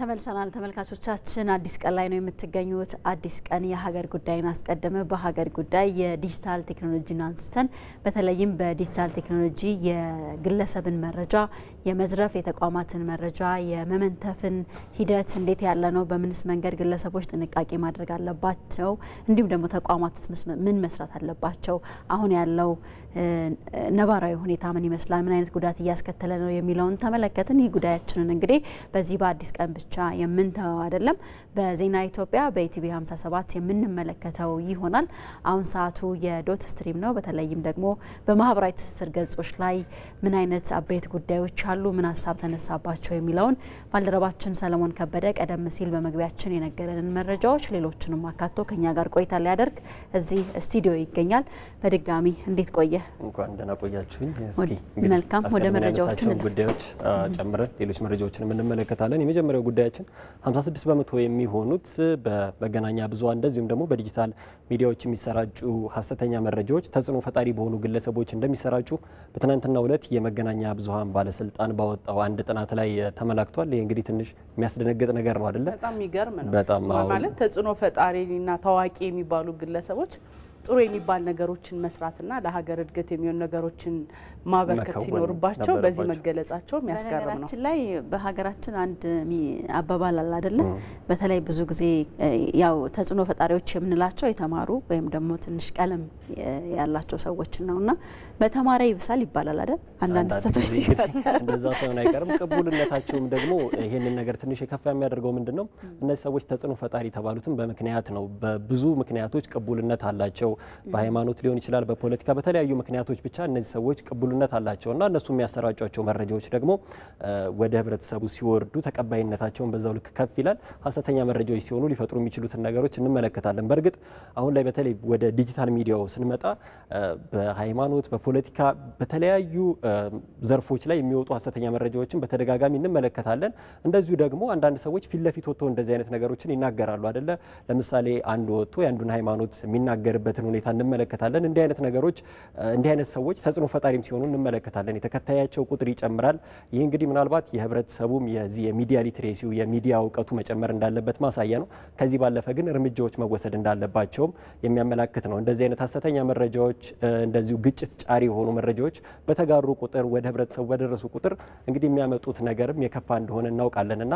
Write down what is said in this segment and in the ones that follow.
ተመልሰናል ተመልካቾቻችን። አዲስ ቀን ላይ ነው የምትገኙት። አዲስ ቀን የሀገር ጉዳይን አስቀደመ በሀገር ጉዳይ የዲጂታል ቴክኖሎጂን አንስተን በተለይም በዲጂታል ቴክኖሎጂ የግለሰብን መረጃ የመዝረፍ የተቋማትን መረጃ የመመንተፍን ሂደት እንዴት ያለ ነው? በምንስ መንገድ ግለሰቦች ጥንቃቄ ማድረግ አለባቸው? እንዲሁም ደግሞ ተቋማት ምን መስራት አለባቸው? አሁን ያለው ነባራዊ ሁኔታ ምን ይመስላል? ምን አይነት ጉዳት እያስከተለ ነው የሚለውን ተመለከትን። ይህ ጉዳያችንን እንግዲህ በዚህ በአዲስ ቀን ብቻ የምንተወው አይደለም። በዜና ኢትዮጵያ በኢቲቪ 57 የምንመለከተው ይሆናል። አሁን ሰዓቱ የዶት ስትሪም ነው። በተለይም ደግሞ በማህበራዊ ትስስር ገጾች ላይ ምን አይነት አበይት ጉዳዮች አሉ? ምን ሀሳብ ተነሳባቸው? የሚለውን ባልደረባችን ሰለሞን ከበደ ቀደም ሲል በመግቢያችን የነገረንን መረጃዎች ሌሎችንም አካቶ ከኛ ጋር ቆይታ ሊያደርግ እዚህ ስቱዲዮ ይገኛል። በድጋሚ እንዴት ቆየ? እንኳን ደህና ቆያችሁኝ። መልካም። ወደ መረጃዎችን ጉዳዮች ጨምረን ሌሎች መረጃዎችን እንመለከታለን። የመጀመሪያው ጉዳያችን 56 በመቶ የሚሆኑት በመገናኛ ብዙሃን እንደዚሁም ደግሞ በዲጂታል ሚዲያዎች የሚሰራጩ ሀሰተኛ መረጃዎች ተጽዕኖ ፈጣሪ በሆኑ ግለሰቦች እንደሚሰራጩ በትናንትናው ዕለት የመገናኛ ብዙሃን ባለስልጣን ባለስልጣን ባወጣው አንድ ጥናት ላይ ተመላክቷል። ይህ እንግዲህ ትንሽ የሚያስደነግጥ ነገር ነው አይደለ? በጣም የሚገርም ነው። በጣም ማለት ተጽዕኖ ፈጣሪና ታዋቂ የሚባሉ ግለሰቦች ጥሩ የሚባል ነገሮችን መስራትና ለሀገር እድገት የሚሆን ነገሮችን ማበርከት ሲኖርባቸው በዚህ መገለጻቸው የሚያስገርም ነው። በነገራችን ላይ በሀገራችን አንድ አባባል አለ አይደለም። በተለይ ብዙ ጊዜ ያው ተጽዕኖ ፈጣሪዎች የምንላቸው የተማሩ ወይም ደግሞ ትንሽ ቀለም ያላቸው ሰዎችን ነው እና በተማሪ ይብሳል ይባላል አይደል? አንዳንድ ስህተቶች ሲፈጠር ሳይሆን አይቀርም። ቅቡልነታቸውም ደግሞ ይህንን ነገር ትንሽ የከፋ የሚያደርገው ምንድን ነው? እነዚህ ሰዎች ተጽዕኖ ፈጣሪ የተባሉትም በምክንያት ነው። በብዙ ምክንያቶች ቅቡልነት አላቸው ናቸው። በሃይማኖት ሊሆን ይችላል፣ በፖለቲካ በተለያዩ ምክንያቶች ብቻ እነዚህ ሰዎች ቅቡልነት አላቸው እና እነሱ የሚያሰራጯቸው መረጃዎች ደግሞ ወደ ህብረተሰቡ ሲወርዱ ተቀባይነታቸውን በዛው ልክ ከፍ ይላል። ሀሰተኛ መረጃዎች ሲሆኑ ሊፈጥሩ የሚችሉትን ነገሮች እንመለከታለን። በእርግጥ አሁን ላይ በተለይ ወደ ዲጂታል ሚዲያው ስንመጣ በሃይማኖት በፖለቲካ በተለያዩ ዘርፎች ላይ የሚወጡ ሀሰተኛ መረጃዎችን በተደጋጋሚ እንመለከታለን። እንደዚሁ ደግሞ አንዳንድ ሰዎች ፊት ለፊት ወጥተው እንደዚህ አይነት ነገሮችን ይናገራሉ አይደለ? ለምሳሌ አንዱ ወጥቶ የአንዱን ሃይማኖት የሚናገርበት ያለበትን ሁኔታ እንመለከታለን። እንዲህ አይነት ነገሮች እንዲህ አይነት ሰዎች ተጽዕኖ ፈጣሪም ሲሆኑ እንመለከታለን። የተከታያቸው ቁጥር ይጨምራል። ይህ እንግዲህ ምናልባት የህብረተሰቡም የዚህ የሚዲያ ሊትሬሲው የሚዲያ እውቀቱ መጨመር እንዳለበት ማሳያ ነው። ከዚህ ባለፈ ግን እርምጃዎች መወሰድ እንዳለባቸውም የሚያመላክት ነው። እንደዚህ አይነት ሀሰተኛ መረጃዎች፣ እንደዚሁ ግጭት ጫሪ የሆኑ መረጃዎች በተጋሩ ቁጥር ወደ ህብረተሰቡ በደረሱ ቁጥር እንግዲህ የሚያመጡት ነገርም የከፋ እንደሆነ እናውቃለን እና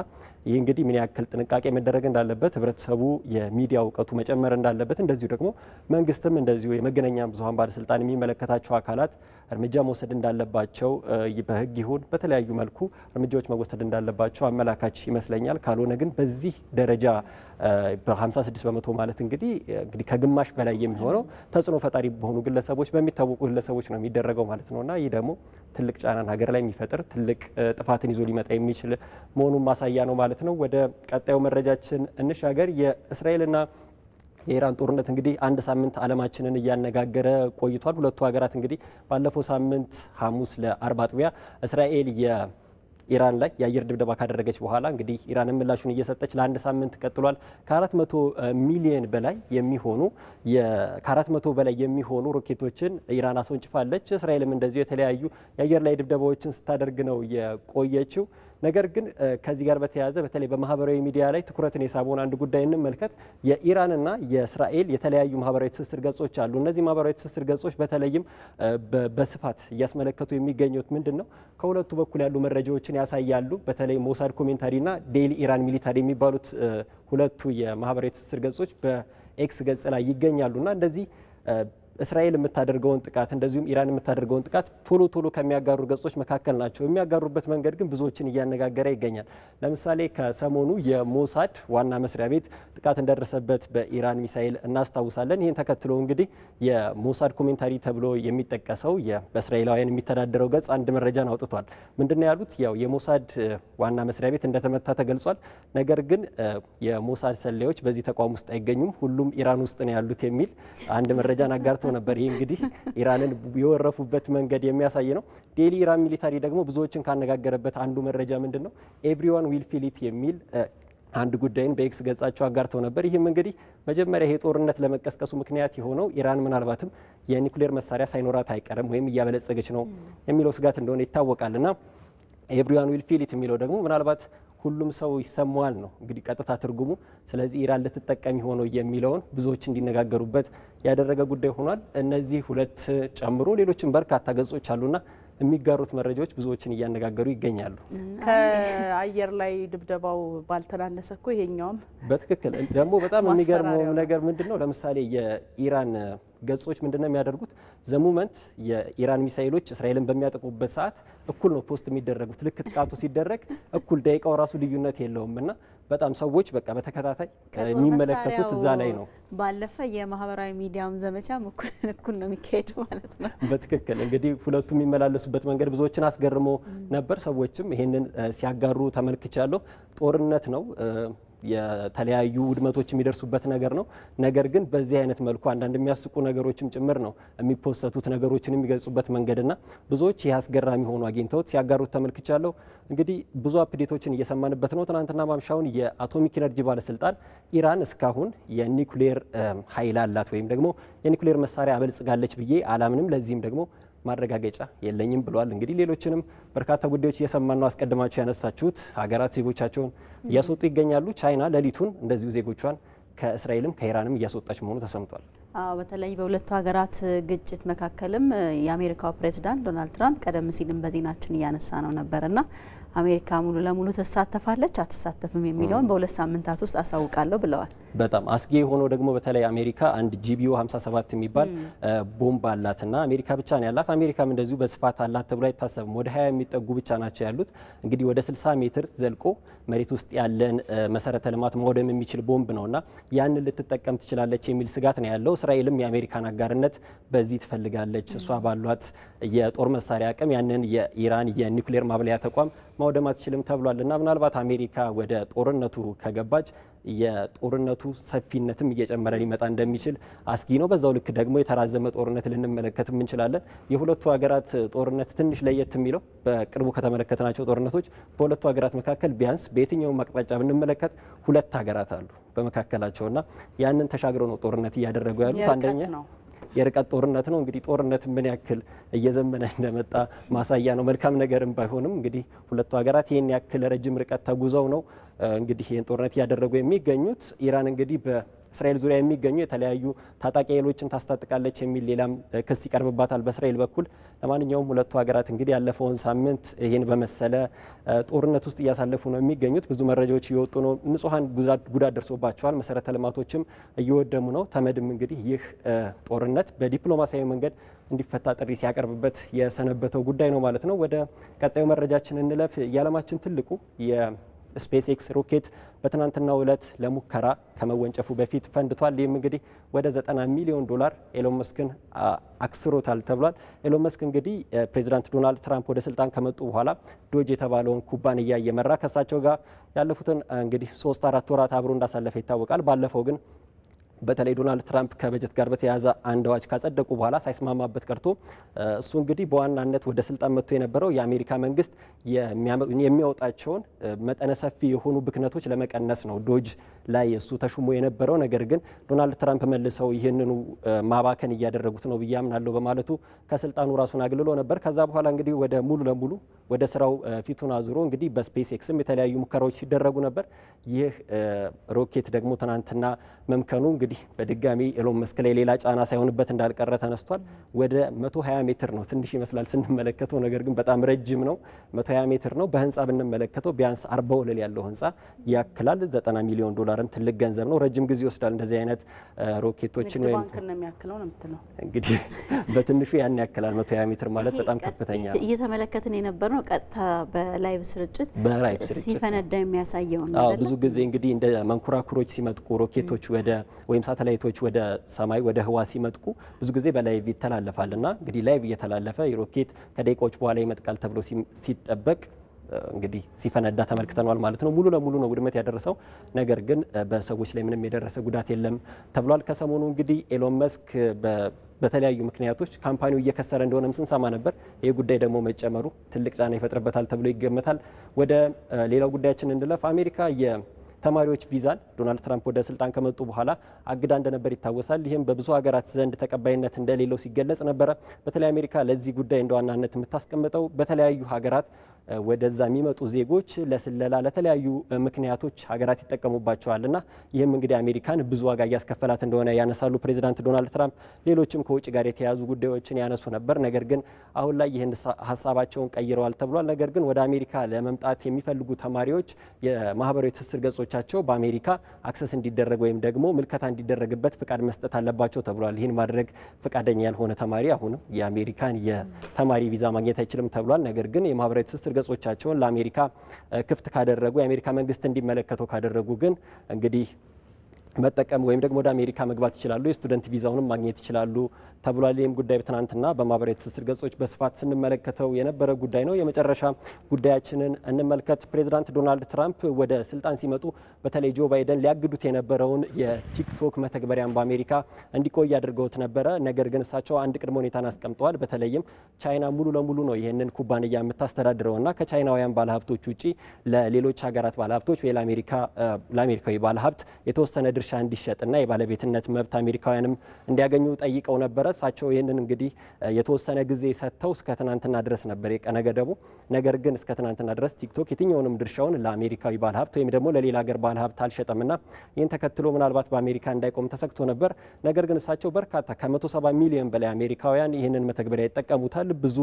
ይህ እንግዲህ ምን ያክል ጥንቃቄ መደረግ እንዳለበት ህብረተሰቡ የሚዲያ እውቀቱ መጨመር እንዳለበት እንደዚሁ ደግሞ መንግስት መንግስትም እንደዚሁ የመገናኛ ብዙሀን ባለስልጣን የሚመለከታቸው አካላት እርምጃ መውሰድ እንዳለባቸው በህግ ይሁን በተለያዩ መልኩ እርምጃዎች መወሰድ እንዳለባቸው አመላካች ይመስለኛል። ካልሆነ ግን በዚህ ደረጃ በ56 በመቶ ማለት እንግዲህ እንግዲህ ከግማሽ በላይ የሚሆነው ተጽዕኖ ፈጣሪ በሆኑ ግለሰቦች በሚታወቁ ግለሰቦች ነው የሚደረገው ማለት እና ይህ ደግሞ ትልቅ ጫናን ሀገር ላይ የሚፈጥር ትልቅ ጥፋትን ይዞ ሊመጣ የሚችል መሆኑን ማሳያ ነው ማለት ነው። ወደ ቀጣዩ መረጃችን እንሻገር። የእስራኤልና የኢራን ጦርነት እንግዲህ አንድ ሳምንት አለማችንን እያነጋገረ ቆይቷል። ሁለቱ ሀገራት እንግዲህ ባለፈው ሳምንት ሐሙስ ለአርብ አጥቢያ እስራኤል የኢራን ላይ የአየር ድብደባ ካደረገች በኋላ እንግዲህ ኢራንን ምላሹን እየሰጠች ለአንድ ሳምንት ቀጥሏል። ከ400 ሚሊዮን በላይ የሚሆኑ ከ400 በላይ የሚሆኑ ሮኬቶችን ኢራን አስወንጭፋለች። እስራኤልም እንደዚሁ የተለያዩ የአየር ላይ ድብደባዎችን ስታደርግ ነው የቆየችው። ነገር ግን ከዚህ ጋር በተያያዘ በተለይ በማህበራዊ ሚዲያ ላይ ትኩረትን የሳበውን አንድ ጉዳይ እንመልከት። የኢራንና የእስራኤል የተለያዩ ማህበራዊ ትስስር ገጾች አሉ። እነዚህ ማህበራዊ ትስስር ገጾች በተለይም በስፋት እያስመለከቱ የሚገኙት ምንድን ነው? ከሁለቱ በኩል ያሉ መረጃዎችን ያሳያሉ። በተለይ ሞሳድ ኮሜንታሪና ዴይሊ ኢራን ሚሊታሪ የሚባሉት ሁለቱ የማህበራዊ ትስስር ገጾች በኤክስ ገጽ ላይ ይገኛሉና እንደዚህ እስራኤል የምታደርገውን ጥቃት እንደዚሁም ኢራን የምታደርገውን ጥቃት ቶሎ ቶሎ ከሚያጋሩ ገጾች መካከል ናቸው። የሚያጋሩበት መንገድ ግን ብዙዎችን እያነጋገረ ይገኛል። ለምሳሌ ከሰሞኑ የሞሳድ ዋና መስሪያ ቤት ጥቃት እንደደረሰበት በኢራን ሚሳኤል እናስታውሳለን። ይህን ተከትሎ እንግዲህ የሞሳድ ኮሜንታሪ ተብሎ የሚጠቀሰው በእስራኤላውያን የሚተዳደረው ገጽ አንድ መረጃን አውጥቷል። ምንድነው ያሉት? ያው የሞሳድ ዋና መስሪያ ቤት እንደተመታ ተገልጿል። ነገር ግን የሞሳድ ሰላዮች በዚህ ተቋም ውስጥ አይገኙም፣ ሁሉም ኢራን ውስጥ ነው ያሉት የሚል አንድ መረጃን አጋርቷል። ተዘጋጅቶ ነበር። ይህ እንግዲህ ኢራንን የወረፉበት መንገድ የሚያሳይ ነው። ዴሊ ኢራን ሚሊታሪ ደግሞ ብዙዎችን ካነጋገረበት አንዱ መረጃ ምንድን ነው ኤቭሪዋን ዊል ፊሊት የሚል አንድ ጉዳይን በኤክስ ገጻቸው አጋርተው ነበር። ይህም እንግዲህ መጀመሪያ ይሄ ጦርነት ለመቀስቀሱ ምክንያት የሆነው ኢራን ምናልባትም የኒውክሌር መሳሪያ ሳይኖራት አይቀርም ወይም እያበለጸገች ነው የሚለው ስጋት እንደሆነ ይታወቃልና ኤቭሪዋን ዊል ፊል ኢት የሚለው ደግሞ ምናልባት ሁሉም ሰው ይሰማዋል ነው እንግዲህ ቀጥታ ትርጉሙ። ስለዚህ ኢራን ልትጠቀሚ ሆኖ የሚለውን ብዙዎች እንዲነጋገሩበት ያደረገ ጉዳይ ሆኗል። እነዚህ ሁለት ጨምሮ ሌሎችም በርካታ ገጾች አሉና የሚጋሩት መረጃዎች ብዙዎችን እያነጋገሩ ይገኛሉ። ከአየር ላይ ድብደባው ባልተናነሰ እኮ ይሄኛውም በትክክል ደግሞ በጣም የሚገርመው ነገር ምንድን ነው ለምሳሌ የኢራን ገጾች ምንድነው የሚያደርጉት? ዘሙመንት የኢራን ሚሳኤሎች እስራኤልን በሚያጠቁበት ሰዓት እኩል ነው ፖስት የሚደረጉት። ልክ ጥቃቱ ሲደረግ እኩል ደቂቃው ራሱ ልዩነት የለውም እና በጣም ሰዎች በቃ በተከታታይ የሚመለከቱት እዛ ላይ ነው። ባለፈ የማህበራዊ ሚዲያም ዘመቻ እኩል ነው የሚካሄደው ማለት ነው። በትክክል እንግዲህ ሁለቱ የሚመላለሱበት መንገድ ብዙዎችን አስገርሞ ነበር። ሰዎችም ይሄንን ሲያጋሩ ተመልክቻለሁ። ጦርነት ነው የተለያዩ ውድመቶች የሚደርሱበት ነገር ነው። ነገር ግን በዚህ አይነት መልኩ አንዳንድ የሚያስቁ ነገሮችም ጭምር ነው የሚፖሰቱት ነገሮችን የሚገልጹበት መንገድና ብዙዎች ይህ አስገራሚ ሆኖ አግኝተውት ሲያጋሩት ተመልክቻለሁ። እንግዲህ ብዙ አፕዴቶችን እየሰማንበት ነው። ትናንትና ማምሻውን የአቶሚክ ኤነርጂ ባለስልጣን ኢራን እስካሁን የኒኩሌር ኃይል አላት ወይም ደግሞ የኒኩሌር መሳሪያ አበልጽጋለች ብዬ አላምንም ለዚህም ደግሞ ማረጋገጫ የለኝም ብለዋል። እንግዲህ ሌሎችንም በርካታ ጉዳዮች እየሰማን ነው። አስቀድማችሁ ያነሳችሁት ሀገራት ዜጎቻቸውን እያስወጡ ይገኛሉ። ቻይና ሌሊቱን እንደዚሁ ዜጎቿን ከእስራኤልም ከኢራንም እያስወጣች መሆኑ ተሰምቷል። አዎ በተለይ በሁለቱ ሀገራት ግጭት መካከልም የአሜሪካው ፕሬዚዳንት ዶናልድ ትራምፕ ቀደም ሲልም በዜናችን እያነሳ ነው ነበርና አሜሪካ ሙሉ ለሙሉ ትሳተፋለች አትሳተፍም የሚለውን በሁለት ሳምንታት ውስጥ አሳውቃለሁ ብለዋል። በጣም አስጊ የሆነው ደግሞ በተለይ አሜሪካ አንድ ጂቢዮ 57 የሚባል ቦምብ አላትና አሜሪካ ብቻ ነው ያላት። አሜሪካም እንደዚሁ በስፋት አላት ተብሎ አይታሰብም። ወደ 20 የሚጠጉ ብቻ ናቸው ያሉት። እንግዲህ ወደ 60 ሜትር ዘልቆ መሬት ውስጥ ያለን መሰረተ ልማት ማውደም የሚችል ቦምብ ነውና ያንን ልትጠቀም ትችላለች የሚል ስጋት ነው ያለው። እስራኤልም የአሜሪካን አጋርነት በዚህ ትፈልጋለች። እሷ ባሏት የጦር መሳሪያ አቅም ያንን የኢራን የኒውክሌር ማብለያ ተቋም ማውደም አትችልም ተብሏል እና ምናልባት አሜሪካ ወደ ጦርነቱ ከገባች የጦርነቱ ሰፊነትም እየጨመረ ሊመጣ እንደሚችል አስጊ ነው። በዛው ልክ ደግሞ የተራዘመ ጦርነት ልንመለከትም እንችላለን። የሁለቱ ሀገራት ጦርነት ትንሽ ለየት የሚለው በቅርቡ ከተመለከትናቸው ጦርነቶች በሁለቱ ሀገራት መካከል ቢያንስ በየትኛውም አቅጣጫ ብንመለከት ሁለት ሀገራት አሉ በመካከላቸውና ያንን ተሻግረው ነው ጦርነት እያደረጉ ያሉት አንደኛ የርቀት ጦርነት ነው። እንግዲህ ጦርነት ምን ያክል እየዘመነ እንደመጣ ማሳያ ነው። መልካም ነገርም ባይሆንም እንግዲህ ሁለቱ ሀገራት ይህን ያክል ረጅም ርቀት ተጉዘው ነው እንግዲህ ይህን ጦርነት እያደረጉ የሚገኙት ኢራን እንግዲህ እስራኤል ዙሪያ የሚገኙ የተለያዩ ታጣቂ ኃይሎችን ታስታጥቃለች የሚል ሌላም ክስ ይቀርብባታል በእስራኤል በኩል። ለማንኛውም ሁለቱ ሀገራት እንግዲህ ያለፈውን ሳምንት ይህን በመሰለ ጦርነት ውስጥ እያሳለፉ ነው የሚገኙት። ብዙ መረጃዎች እየወጡ ነው። ንጹሐን ጉዳት ደርሶባቸዋል። መሰረተ ልማቶችም እየወደሙ ነው። ተመድም እንግዲህ ይህ ጦርነት በዲፕሎማሲያዊ መንገድ እንዲፈታ ጥሪ ሲያቀርብበት የሰነበተው ጉዳይ ነው ማለት ነው። ወደ ቀጣዩ መረጃችን እንለፍ። የዓለማችን ትልቁ ስፔስ ኤክስ ሮኬት በትናንትናው ዕለት ለሙከራ ከመወንጨፉ በፊት ፈንድቷል። ይህም እንግዲህ ወደ 90 ሚሊዮን ዶላር ኤሎን መስክን አክስሮታል ተብሏል። ኤሎን መስክ እንግዲህ ፕሬዚዳንት ዶናልድ ትራምፕ ወደ ስልጣን ከመጡ በኋላ ዶጅ የተባለውን ኩባንያ እየመራ ከሳቸው ጋር ያለፉትን እንግዲህ ሶስት አራት ወራት አብሮ እንዳሳለፈ ይታወቃል። ባለፈው ግን በተለይ ዶናልድ ትራምፕ ከበጀት ጋር በተያያዘ አንድ አዋጅ ካጸደቁ በኋላ ሳይስማማበት ቀርቶ እሱ እንግዲህ በዋናነት ወደ ስልጣን መጥቶ የነበረው የአሜሪካ መንግስት የሚያወጣቸውን መጠነ ሰፊ የሆኑ ብክነቶች ለመቀነስ ነው። ዶጅ ላይ እሱ ተሹሞ የነበረው ነገር ግን ዶናልድ ትራምፕ መልሰው ይህንኑ ማባከን እያደረጉት ነው ብዬ አምናለሁ በማለቱ ከስልጣኑ ራሱን አግልሎ ነበር። ከዛ በኋላ እንግዲህ ወደ ሙሉ ለሙሉ ወደ ስራው ፊቱን አዙሮ እንግዲህ በስፔስ ኤክስም የተለያዩ ሙከራዎች ሲደረጉ ነበር። ይህ ሮኬት ደግሞ ትናንትና መምከኑ እንግዲህ በድጋሚ ኤሎን መስክ ላይ ሌላ ጫና ሳይሆንበት እንዳልቀረ ተነስቷል። ወደ 120 ሜትር ነው፣ ትንሽ ይመስላል ስንመለከተው፣ ነገር ግን በጣም ረጅም ነው። 120 ሜትር ነው። በህንፃ ብንመለከተው ቢያንስ 40 ወለል ያለው ህንፃ ያክላል። 90 ሚሊዮን ዶላርም ትልቅ ገንዘብ ነው። ረጅም ጊዜ ይወስዳል እንደዚህ አይነት ሮኬቶችን ወይም እንግዲህ በትንሹ ያን ያክላል 120 ሜትር ማለት በጣም ከፍተኛ ነው። እየተመለከትን ነው ቀጥታ በላይቭ ስርጭት ሲፈነዳ የሚያሳየው ነው። ብዙ ጊዜ እንግዲህ እንደ መንኮራኩሮች ሲመጥቁ ሮኬቶች ወደ ወይም ሳተላይቶች ወደ ሰማይ ወደ ህዋ ሲመጥቁ ብዙ ጊዜ በላይቭ ይተላለፋል እና እንግዲህ ላይቭ እየተላለፈ የሮኬት ከደቂቃዎች በኋላ ይመጥቃል ተብሎ ሲጠበቅ እንግዲህ ሲፈነዳ ተመልክተነዋል ማለት ነው። ሙሉ ለሙሉ ነው ውድመት ያደረሰው፣ ነገር ግን በሰዎች ላይ ምንም የደረሰ ጉዳት የለም ተብሏል። ከሰሞኑ እንግዲህ ኤሎን መስክ በተለያዩ ምክንያቶች ካምፓኒው እየከሰረ እንደሆነም ስንሰማ ነበር። ይህ ጉዳይ ደግሞ መጨመሩ ትልቅ ጫና ይፈጥርበታል ተብሎ ይገመታል። ወደ ሌላው ጉዳያችን እንለፍ። አሜሪካ ተማሪዎች ቪዛን ዶናልድ ትራምፕ ወደ ስልጣን ከመጡ በኋላ አግዳ እንደነበር ይታወሳል። ይህም በብዙ ሀገራት ዘንድ ተቀባይነት እንደሌለው ሲገለጽ ነበረ። በተለይ አሜሪካ ለዚህ ጉዳይ እንደ ዋናነት የምታስቀምጠው በተለያዩ ሀገራት ወደዛ የሚመጡ ዜጎች ለስለላ ለተለያዩ ምክንያቶች ሀገራት ይጠቀሙባቸዋልና ይህም እንግዲህ አሜሪካን ብዙ ዋጋ እያስከፈላት እንደሆነ ያነሳሉ ፕሬዚዳንት ዶናልድ ትራምፕ። ሌሎችም ከውጭ ጋር የተያያዙ ጉዳዮችን ያነሱ ነበር። ነገር ግን አሁን ላይ ይህን ሀሳባቸውን ቀይረዋል ተብሏል። ነገር ግን ወደ አሜሪካ ለመምጣት የሚፈልጉ ተማሪዎች የማህበራዊ ትስስር ገጾቻቸው በአሜሪካ አክሰስ እንዲደረግ ወይም ደግሞ ምልከታ እንዲደረግበት ፍቃድ መስጠት አለባቸው ተብሏል። ይህን ማድረግ ፈቃደኛ ያልሆነ ተማሪ አሁንም የአሜሪካን የተማሪ ቪዛ ማግኘት አይችልም ተብሏል። ነገር ግን የማህበራዊ ትስስር ገጾቻቸውን ለአሜሪካ ክፍት ካደረጉ የአሜሪካ መንግስት እንዲመለከተው ካደረጉ ግን እንግዲህ መጠቀም ወይም ደግሞ ወደ አሜሪካ መግባት ይችላሉ፣ የስቱደንት ቪዛውንም ማግኘት ይችላሉ ተብሏል። ይህም ጉዳይ ትናንትና በማህበራዊ ትስስር ገጾች በስፋት ስንመለከተው የነበረ ጉዳይ ነው። የመጨረሻ ጉዳያችንን እንመልከት። ፕሬዚዳንት ዶናልድ ትራምፕ ወደ ስልጣን ሲመጡ በተለይ ጆ ባይደን ሊያግዱት የነበረውን የቲክቶክ መተግበሪያን በአሜሪካ እንዲቆይ አድርገውት ነበረ። ነገር ግን እሳቸው አንድ ቅድመ ሁኔታን አስቀምጠዋል። በተለይም ቻይና ሙሉ ለሙሉ ነው ይህንን ኩባንያ የምታስተዳድረውና ከቻይናውያን ባለሀብቶች ውጪ ለሌሎች ሀገራት ባለሀብቶች ወይ ለአሜሪካዊ ባለሀብት የተወሰነ ድርሻ ድርሻ እንዲሸጥና የባለቤትነት መብት አሜሪካውያንም እንዲያገኙ ጠይቀው ነበረ። እሳቸው ይህንን እንግዲህ የተወሰነ ጊዜ ሰጥተው እስከ ትናንትና ድረስ ነበር የቀነ ገደቡ። ነገር ግን እስከ ትናንትና ድረስ ቲክቶክ የትኛውንም ድርሻውን ለአሜሪካዊ ባለሀብት ወይም ደግሞ ለሌላ ሀገር ባለሀብት አልሸጠምና ይህን ተከትሎ ምናልባት በአሜሪካ እንዳይቆም ተሰግቶ ነበር። ነገር ግን እሳቸው በርካታ ከ170 ሚሊዮን በላይ አሜሪካውያን ይህንን መተግበሪያ ይጠቀሙታል፣ ብዙ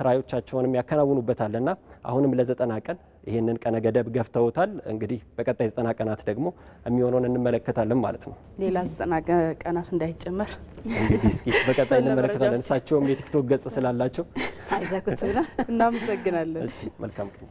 ስራዎቻቸውንም ያከናውኑበታልና አሁንም ለዘጠና ቀን ይህንን ቀነ ገደብ ገፍተውታል። እንግዲህ በቀጣይ ዘጠና ቀናት ደግሞ የሚሆነውን እንመለከታለን ማለት ነው። ሌላ ዘጠና ቀናት እንዳይጨመር እንግዲህ እስኪ በቀጣይ እንመለከታለን። እሳቸውም የቲክቶክ ገጽ ስላላቸው አይዛኩት ብላ እናመሰግናለን። መልካም ቀን